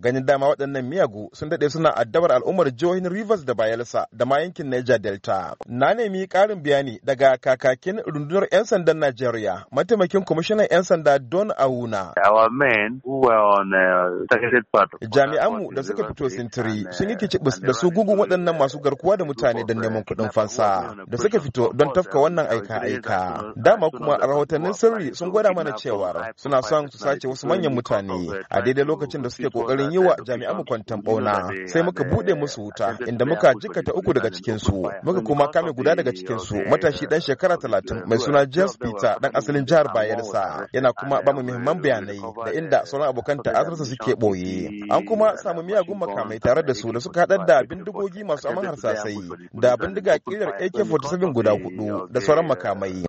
ganin dama waɗannan miyagu sun daɗe suna addabar al'ummar jihohin rivers da bayelsa da ma yankin niger delta na nemi ƙarin bayani daga kakakin rundunar 'yan sandan najeriya mataimakin kwamishinan 'yan sanda don auna uh, jami'anmu da suka fito sintiri uh, sun yi kicibis da su gugun waɗannan uh, masu garkuwa da mutane don neman kuɗin fansa da suka fito don tafka wannan aika-aika dama kuma rahotannin sirri sun gwada mana cewar suna son su sace wasu manyan mutane a daidai lokacin da suke ƙoƙarin sun yi wa jami'an kwantan bauna sai muka bude musu wuta inda muka jikata uku daga cikin muka kuma kame guda daga cikin su matashi dan shekara talatin mai suna James Peter dan asalin jihar Bayelsa yana kuma ba mu muhimman bayanai da inda sauran abokan ta'azarsa suke boye an kuma samu miyagun makamai tare da su da suka haɗar da bindigogi masu aman harsasai da bindiga kirar AK47 guda hudu da sauran makamai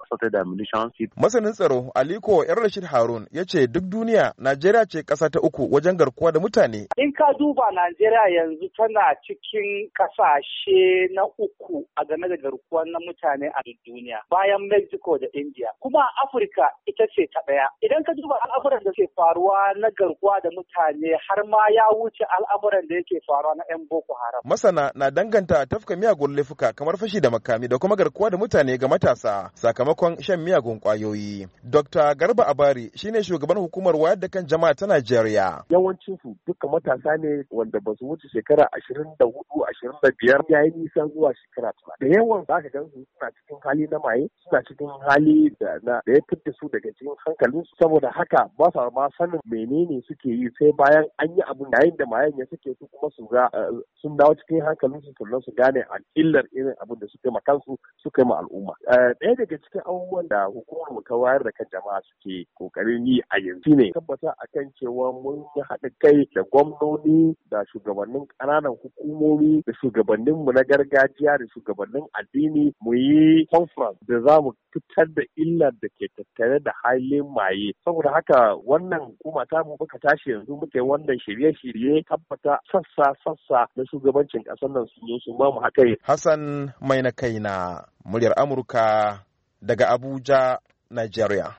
masanin tsaro Aliko Yar Rashid Harun ya ce duk duniya Najeriya ce ƙasa ta uku wajen garkuwa da mutane ne. In ka duba Najeriya yanzu tana cikin kasashe na uku a game da garkuwar na mutane a duniya bayan Mexico da India. Kuma Afirka ita ce ta ɗaya. Idan ka duba al'amuran da ke faruwa na garkuwa da mutane har ma ya wuce al'amuran da yake faruwa na 'yan Boko Haram. Masana na danganta tafka miyagun laifuka kamar fashi da makami da kuma garkuwa da mutane ga matasa sakamakon shan miyagun kwayoyi. Dr. Garba Abari shine shugaban hukumar wayar da kan jama'a ta Najeriya. Yawancin su duk duka matasa ne wanda ba su wuce shekara ashirin da hudu ashirin da biyar ya yi nisa zuwa shekara tara da yawan za ka gansu suna cikin hali na maye suna cikin hali da ya fitta su daga cikin hankalin su saboda haka ba sa ma sanin menene suke yi sai bayan an yi abu yayin da mayen ya suke su kuma su ga eh, sun dawo cikin hankalin su sannan su gane illar irin abin da suke ma kansu suke ma al'umma eh, ɗaya daga cikin abubuwan da hukumar mu ta wayar da kan jama'a suke kokarin yi a yanzu ne tabbata akan cewa mun yi haɗa kai da gwamnoni da shugabannin ƙananan hukumomi da shugabanninmu na gargajiya da shugabannin addini mu yi conference da za mu fitar da illar da ke tattare da halin maye saboda haka wannan hukuma ta mu muka tashi yanzu muke wannan shirye-shirye tabbata sassa sassa na shugabancin ƙasar nan sun su ma mu haka Hassan mai na kaina muryar Amurka daga Abuja Nigeria